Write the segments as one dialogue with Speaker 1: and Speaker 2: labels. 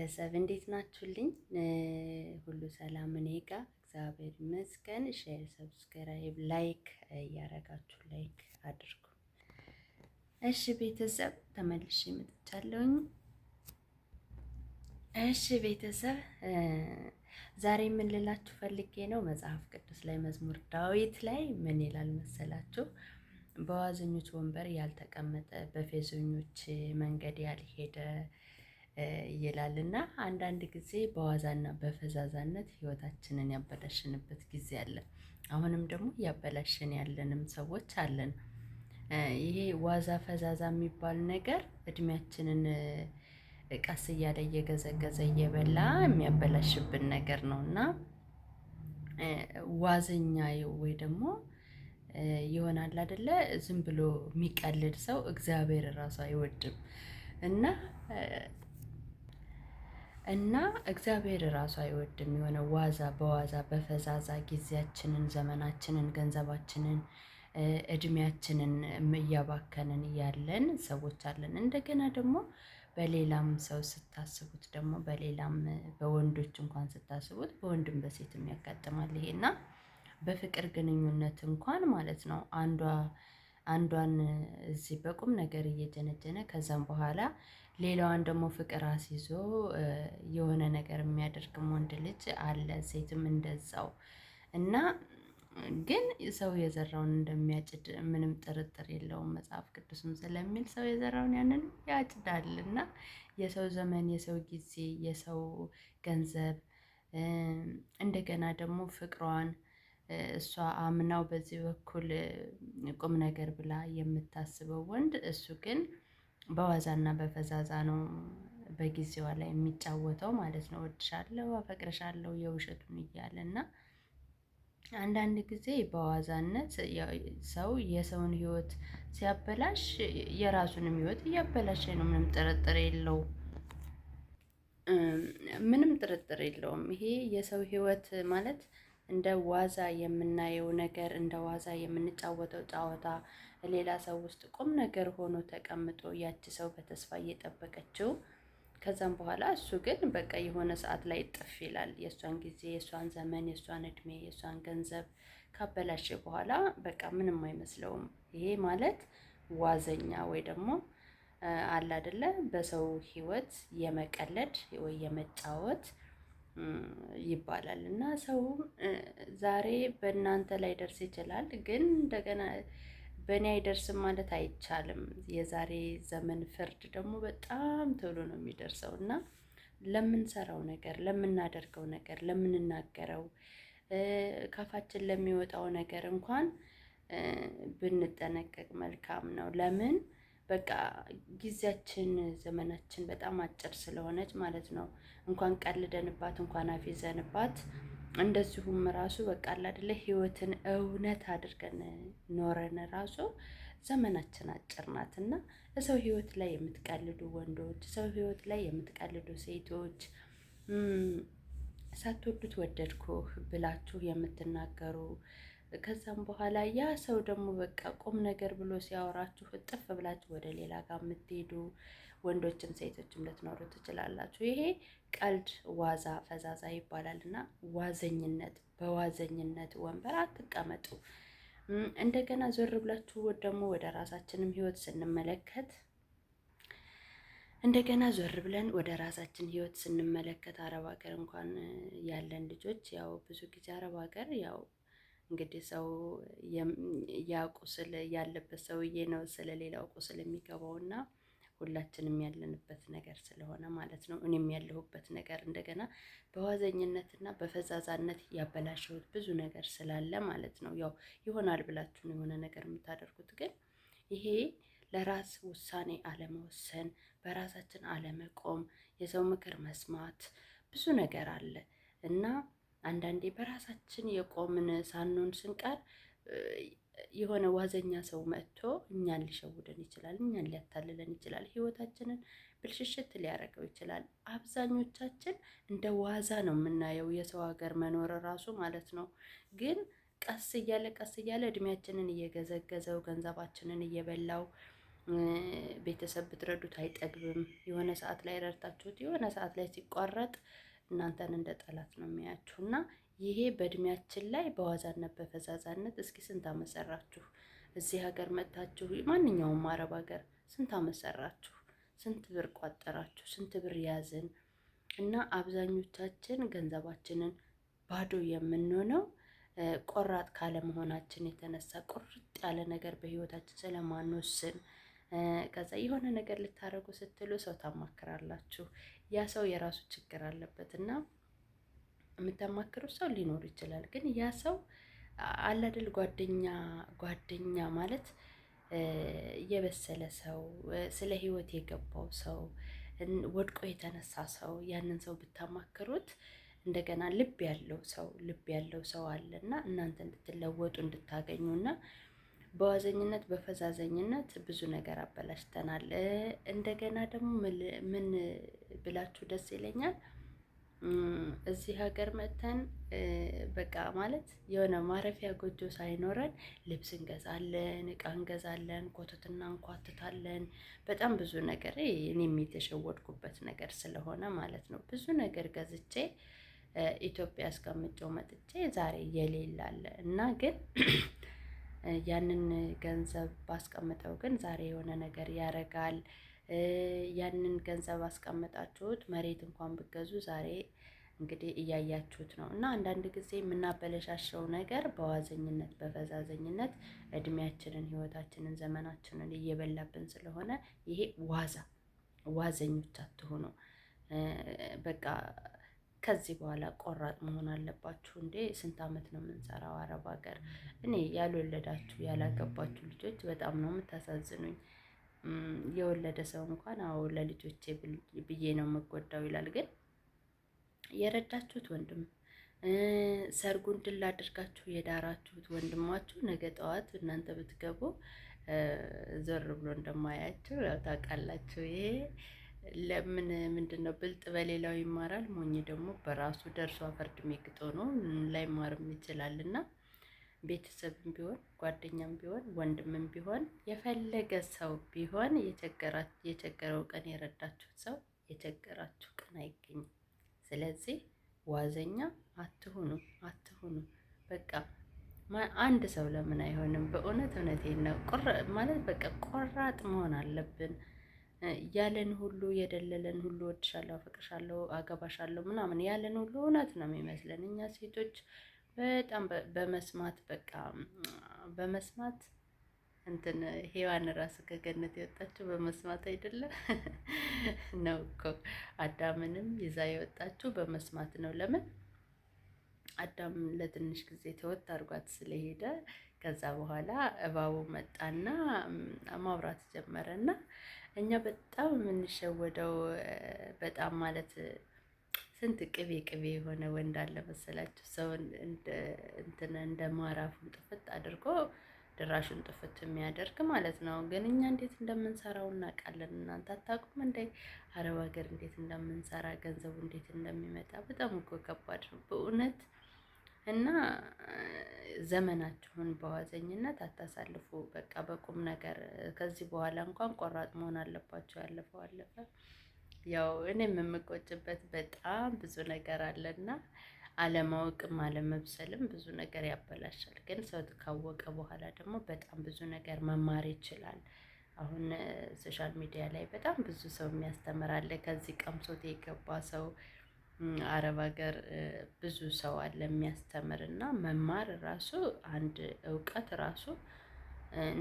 Speaker 1: ቤተሰብ እንዴት ናችሁልኝ? ሁሉ ሰላም እኔ ጋ እግዚአብሔር ይመስገን። ሼር፣ ሰብስክራይብ፣ ላይክ እያረጋችሁ ላይክ አድርጉ። እሺ ቤተሰብ ተመልሼ መጥቻለሁኝ። እሺ ቤተሰብ ዛሬ የምንልላችሁ ፈልጌ ነው መጽሐፍ ቅዱስ ላይ መዝሙር ዳዊት ላይ ምን ይላል መሰላችሁ? በዋዘኞች ወንበር ያልተቀመጠ በፌዘኞች መንገድ ያልሄደ ይላል እና አንዳንድ ጊዜ በዋዛና በፈዛዛነት ህይወታችንን ያበላሽንበት ጊዜ አለ። አሁንም ደግሞ እያበላሸን ያለንም ሰዎች አለን። ይሄ ዋዛ ፈዛዛ የሚባል ነገር እድሜያችንን ቀስ እያለ እየገዘገዘ እየበላ የሚያበላሽብን ነገር ነው እና ዋዘኛ ወይ ደግሞ ይሆናል አደለ፣ ዝም ብሎ የሚቀልድ ሰው እግዚአብሔር ራሱ አይወድም እና እና እግዚአብሔር ራሱ አይወድም የሆነ ዋዛ በዋዛ በፈዛዛ ጊዜያችንን፣ ዘመናችንን፣ ገንዘባችንን፣ እድሜያችንን እያባከንን ያለን ሰዎች አለን። እንደገና ደግሞ በሌላም ሰው ስታስቡት ደግሞ በሌላም በወንዶች እንኳን ስታስቡት በወንድም በሴትም ያጋጥማል ይሄና በፍቅር ግንኙነት እንኳን ማለት ነው አንዷ አንዷን እዚህ በቁም ነገር እየጀነጀነ ከዛም በኋላ ሌላዋን ደግሞ ፍቅር አስይዞ የሆነ ነገር የሚያደርግም ወንድ ልጅ አለ፣ ሴትም እንደዛው እና ግን ሰው የዘራውን እንደሚያጭድ ምንም ጥርጥር የለውም። መጽሐፍ ቅዱስም ስለሚል ሰው የዘራውን ያንን ያጭዳል እና የሰው ዘመን፣ የሰው ጊዜ፣ የሰው ገንዘብ እንደገና ደግሞ ፍቅሯን እሷ አምናው በዚህ በኩል ቁም ነገር ብላ የምታስበው ወንድ እሱ ግን በዋዛና በፈዛዛ ነው በጊዜዋ ላይ የሚጫወተው ማለት ነው። እወድሻለሁ፣ አፈቅርሻለሁ የውሸቱን እያለ እና አንዳንድ ጊዜ በዋዛነት ሰው የሰውን ህይወት ሲያበላሽ የራሱንም ህይወት እያበላሸ ነው። ምንም ጥርጥር የለው ምንም ጥርጥር የለውም። ይሄ የሰው ህይወት ማለት እንደ ዋዛ የምናየው ነገር እንደ ዋዛ የምንጫወተው ጨዋታ ሌላ ሰው ውስጥ ቁም ነገር ሆኖ ተቀምጦ ያቺ ሰው በተስፋ እየጠበቀችው ከዛም በኋላ እሱ ግን በቃ የሆነ ሰዓት ላይ ጥፍ ይላል። የእሷን ጊዜ፣ የእሷን ዘመን፣ የእሷን እድሜ፣ የእሷን ገንዘብ ካበላሸ በኋላ በቃ ምንም አይመስለውም። ይሄ ማለት ዋዘኛ ወይ ደግሞ አለ አይደለ በሰው ህይወት የመቀለድ ወይ የመጫወት ይባላል እና ሰው ዛሬ በእናንተ ላይ ደርስ ይችላል ግን እንደገና በእኔ አይደርስም ማለት አይቻልም። የዛሬ ዘመን ፍርድ ደግሞ በጣም ቶሎ ነው የሚደርሰው እና ለምንሰራው ነገር፣ ለምናደርገው ነገር፣ ለምንናገረው ካፋችን ለሚወጣው ነገር እንኳን ብንጠነቀቅ መልካም ነው። ለምን በቃ ጊዜያችን ዘመናችን በጣም አጭር ስለሆነች ማለት ነው። እንኳን ቀልደንባት እንኳን አፌዘንባት እንደዚሁም ራሱ በቃ አይደለ ህይወትን እውነት አድርገን ኖረን ራሱ ዘመናችን አጭር ናት እና ሰው ህይወት ላይ የምትቀልዱ ወንዶች፣ ሰው ህይወት ላይ የምትቀልዱ ሴቶች፣ ሳትወዱት ወደድኩህ ብላችሁ የምትናገሩ ከዛም በኋላ ያ ሰው ደግሞ በቃ ቁም ነገር ብሎ ሲያወራችሁ እጥፍ ብላችሁ ወደ ሌላ ጋር የምትሄዱ ወንዶችም ሴቶችም ልትኖሩ ትችላላችሁ። ይሄ ቀልድ፣ ዋዛ፣ ፈዛዛ ይባላል እና ዋዘኝነት በዋዘኝነት ወንበር አትቀመጡ። እንደገና ዞር ብላችሁ ደግሞ ወደ ራሳችንም ህይወት ስንመለከት እንደገና ዞር ብለን ወደ ራሳችን ህይወት ስንመለከት አረብ ሀገር እንኳን ያለን ልጆች ያው ብዙ ጊዜ አረብ ሀገር ያው እንግዲህ ሰው ያ ቁስል ያለበት ሰውዬ ነው ስለሌላው ቁስል የሚገባውና ሁላችንም ያለንበት ነገር ስለሆነ ማለት ነው። እኔም ያለሁበት ነገር እንደገና በዋዘኝነትና በፈዛዛነት ያበላሸሁት ብዙ ነገር ስላለ ማለት ነው። ያው ይሆናል ብላችሁን የሆነ ነገር የምታደርጉት ግን ይሄ ለራስ ውሳኔ አለመወሰን፣ በራሳችን አለመቆም፣ የሰው ምክር መስማት ብዙ ነገር አለ እና አንዳንዴ በራሳችን የቆምን ሳንሆን ስንቀር የሆነ ዋዘኛ ሰው መጥቶ እኛን ሊሸውደን ይችላል፣ እኛን ሊያታልለን ይችላል፣ ህይወታችንን ብልሽሽት ሊያደርገው ይችላል። አብዛኞቻችን እንደ ዋዛ ነው የምናየው የሰው ሀገር መኖር ራሱ ማለት ነው። ግን ቀስ እያለ ቀስ እያለ እድሜያችንን እየገዘገዘው ገንዘባችንን እየበላው ቤተሰብ ብትረዱት አይጠግብም። የሆነ ሰዓት ላይ ረድታችሁት የሆነ ሰዓት ላይ ሲቋረጥ እናንተን እንደ ጠላት ነው የሚያያችሁ እና ይሄ በእድሜያችን ላይ በዋዛነት በፈዛዛነት እስኪ ስንት አመት ሰራችሁ? እዚህ ሀገር መጥታችሁ ማንኛውም አረብ ሀገር ስንት አመት ሰራችሁ? ስንት ብር ቋጠራችሁ? ስንት ብር ያዝን? እና አብዛኞቻችን ገንዘባችንን ባዶ የምንሆነው ቆራጥ ካለመሆናችን የተነሳ ቁርጥ ያለ ነገር በህይወታችን ስለማንወስን ከዛ የሆነ ነገር ልታደርጉ ስትሉ ሰው ታማክራላችሁ። ያ ሰው የራሱ ችግር አለበት እና የምታማክሩት ሰው ሊኖር ይችላል። ግን ያ ሰው አላደል ጓደኛ ጓደኛ ማለት የበሰለ ሰው ስለ ህይወት የገባው ሰው ወድቆ የተነሳ ሰው ያንን ሰው ብታማክሩት እንደገና ልብ ያለው ሰው ልብ ያለው ሰው አለ እና እናንተ እንድትለወጡ እንድታገኙ እና በዋዘኝነት በፈዛዘኝነት ብዙ ነገር አበላሽተናል። እንደገና ደግሞ ምን ብላችሁ ደስ ይለኛል እዚህ ሀገር መጥተን በቃ ማለት የሆነ ማረፊያ ጎጆ ሳይኖረን ልብስ እንገዛለን፣ እቃ እንገዛለን፣ ኮተት እንኳትታለን። በጣም ብዙ ነገር እኔም የተሸወድኩበት ነገር ስለሆነ ማለት ነው ብዙ ነገር ገዝቼ ኢትዮጵያ እስከምጮው መጥቼ ዛሬ የሌላለ እና ግን ያንን ገንዘብ ባስቀምጠው ግን ዛሬ የሆነ ነገር ያረጋል ያንን ገንዘብ አስቀምጣችሁት መሬት እንኳን ብገዙ ዛሬ እንግዲህ እያያችሁት ነው። እና አንዳንድ ጊዜ የምናበለሻሸው ነገር በዋዘኝነት በፈዛዘኝነት እድሜያችንን፣ ህይወታችንን፣ ዘመናችንን እየበላብን ስለሆነ ይሄ ዋዛ ዋዘኞች አትሆኑ። በቃ ከዚህ በኋላ ቆራጥ መሆን አለባችሁ። እንዴ ስንት ዓመት ነው የምንሰራው አረብ ሀገር? እኔ ያልወለዳችሁ ያላገባችሁ ልጆች በጣም ነው የምታሳዝኑኝ። የወለደ ሰው እንኳን አዎ ለልጆቼ ብዬ ነው የምጎዳው ይላል። ግን የረዳችሁት ወንድም ሰርጉን ድል አድርጋችሁ የዳራችሁት ወንድማችሁ ነገ ጠዋት እናንተ ብትገቡ ዞር ብሎ እንደማያችሁ ያው ታውቃላችሁ። ይሄ ለምን ምንድን ነው? ብልጥ በሌላው ይማራል፣ ሞኝ ደግሞ በራሱ ደርሶ ፈርድ ድሜ ግጦ ነው ላይማርም ይችላልና ቤተሰብም ቢሆን ጓደኛም ቢሆን ወንድምም ቢሆን የፈለገ ሰው ቢሆን የቸገረው ቀን የረዳችው ሰው የቸገራችሁ ቀን አይገኝም። ስለዚህ ዋዘኛ አትሁኑ አትሁኑ። በቃ አንድ ሰው ለምን አይሆንም? በእውነት እውነቴን ነው ማለት በቃ ቆራጥ መሆን አለብን። ያለን ሁሉ የደለለን ሁሉ ወድሻለሁ፣ አፈቅርሻለሁ፣ አገባሻለሁ ምናምን ያለን ሁሉ እውነት ነው የሚመስለን እኛ ሴቶች በጣም በመስማት በቃ በመስማት እንትን ሔዋን ራስ ከገነት የወጣችው በመስማት አይደለም ነው እኮ አዳምንም ይዛ የወጣችው በመስማት ነው። ለምን አዳም ለትንሽ ጊዜ ተወት አድርጓት ስለሄደ ከዛ በኋላ እባቡ መጣና ማውራት ጀመረና እኛ በጣም የምንሸወደው በጣም ማለት ስንት ቅቤ ቅቤ የሆነ ወንድ አለ መሰላችሁ? ሰውን እንትን እንደ ማራፉን ጥፍት አድርጎ ድራሹን ጥፍት የሚያደርግ ማለት ነው። ግን እኛ እንዴት እንደምንሰራው እናውቃለን። እናንተ አታውቁም እንደ አረብ ሀገር እንዴት እንደምንሰራ ገንዘቡ እንዴት እንደሚመጣ በጣም እኮ ከባድ ነው በእውነት እና ዘመናችሁን በዋዘኝነት አታሳልፉ። በቃ በቁም ነገር ከዚህ በኋላ እንኳን ቆራጥ መሆን አለባቸው። ያለፈው አለፈ። ያው እኔ የምቆጭበት በጣም ብዙ ነገር አለና አለማወቅም አለመብሰልም ብዙ ነገር ያበላሻል። ግን ሰው ካወቀ በኋላ ደግሞ በጣም ብዙ ነገር መማር ይችላል። አሁን ሶሻል ሚዲያ ላይ በጣም ብዙ ሰው የሚያስተምር አለ። ከዚህ ቀምሶት የገባ ሰው አረብ ሀገር ብዙ ሰው አለ የሚያስተምር እና መማር ራሱ አንድ እውቀት ራሱ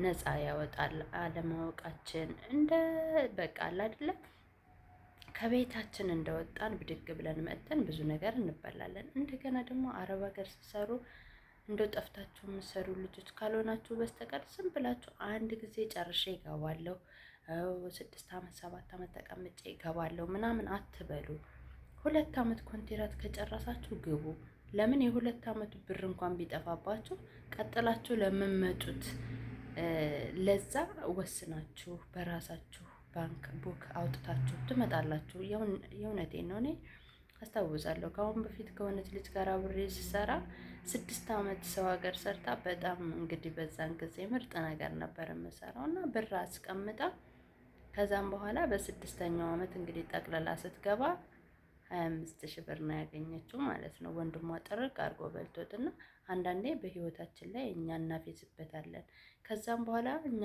Speaker 1: ነፃ ያወጣል። አለማወቃችን እንደ በቃ አለ አይደለም ከቤታችን እንደወጣን ብድግ ብለን መጥተን ብዙ ነገር እንበላለን። እንደገና ደግሞ አረብ ሀገር ስትሰሩ እንደው ጠፍታችሁ የምትሰሩ ልጆች ካልሆናችሁ በስተቀር ዝም ብላችሁ አንድ ጊዜ ጨርሼ ይገባለሁ፣ ስድስት ዓመት ሰባት ዓመት ተቀምጬ ይገባለሁ ምናምን አትበሉ። ሁለት ዓመት ኮንትራት ከጨረሳችሁ ግቡ። ለምን የሁለት ዓመቱ ብር እንኳን ቢጠፋባችሁ ቀጥላችሁ ለምመጡት ለዛ ወስናችሁ በራሳችሁ ባንክ ቡክ አውጥታችሁ ትመጣላችሁ። የእውነቴ ነው። እኔ አስታውሳለሁ ከአሁን በፊት ከሆነች ልጅ ጋር አብሬ ስሰራ ስድስት ዓመት ሰው ሀገር ሰርታ በጣም እንግዲህ በዛን ጊዜ ምርጥ ነገር ነበር የምሰራው እና ብር አስቀምጣ ከዛም በኋላ በስድስተኛው ዓመት እንግዲህ ጠቅለላ ስትገባ ሀያ አምስት ሺህ ብር ነው ያገኘችው ማለት ነው። ወንድሟ ጥርቅ አድርጎ በልቶትና አንዳንዴ በህይወታችን ላይ እኛ እናፌዝበታለን። ከዛም በኋላ እኛ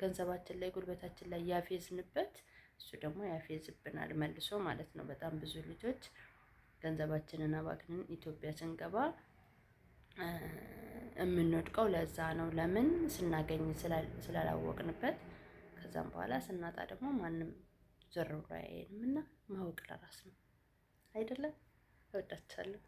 Speaker 1: ገንዘባችን ላይ ጉልበታችን ላይ ያፌዝንበት እሱ ደግሞ ያፌዝብናል መልሶ ማለት ነው። በጣም ብዙ ልጆች ገንዘባችንን አባክንን ኢትዮጵያ ስንገባ የምንወድቀው ለዛ ነው። ለምን ስናገኝ ስላላወቅንበት፣ ከዛም በኋላ ስናጣ ደግሞ ማንም ዞር ብሎ አያየንም እና ማወቅ ለራስ ነው። አይደለም? እወዳችኋለሁ።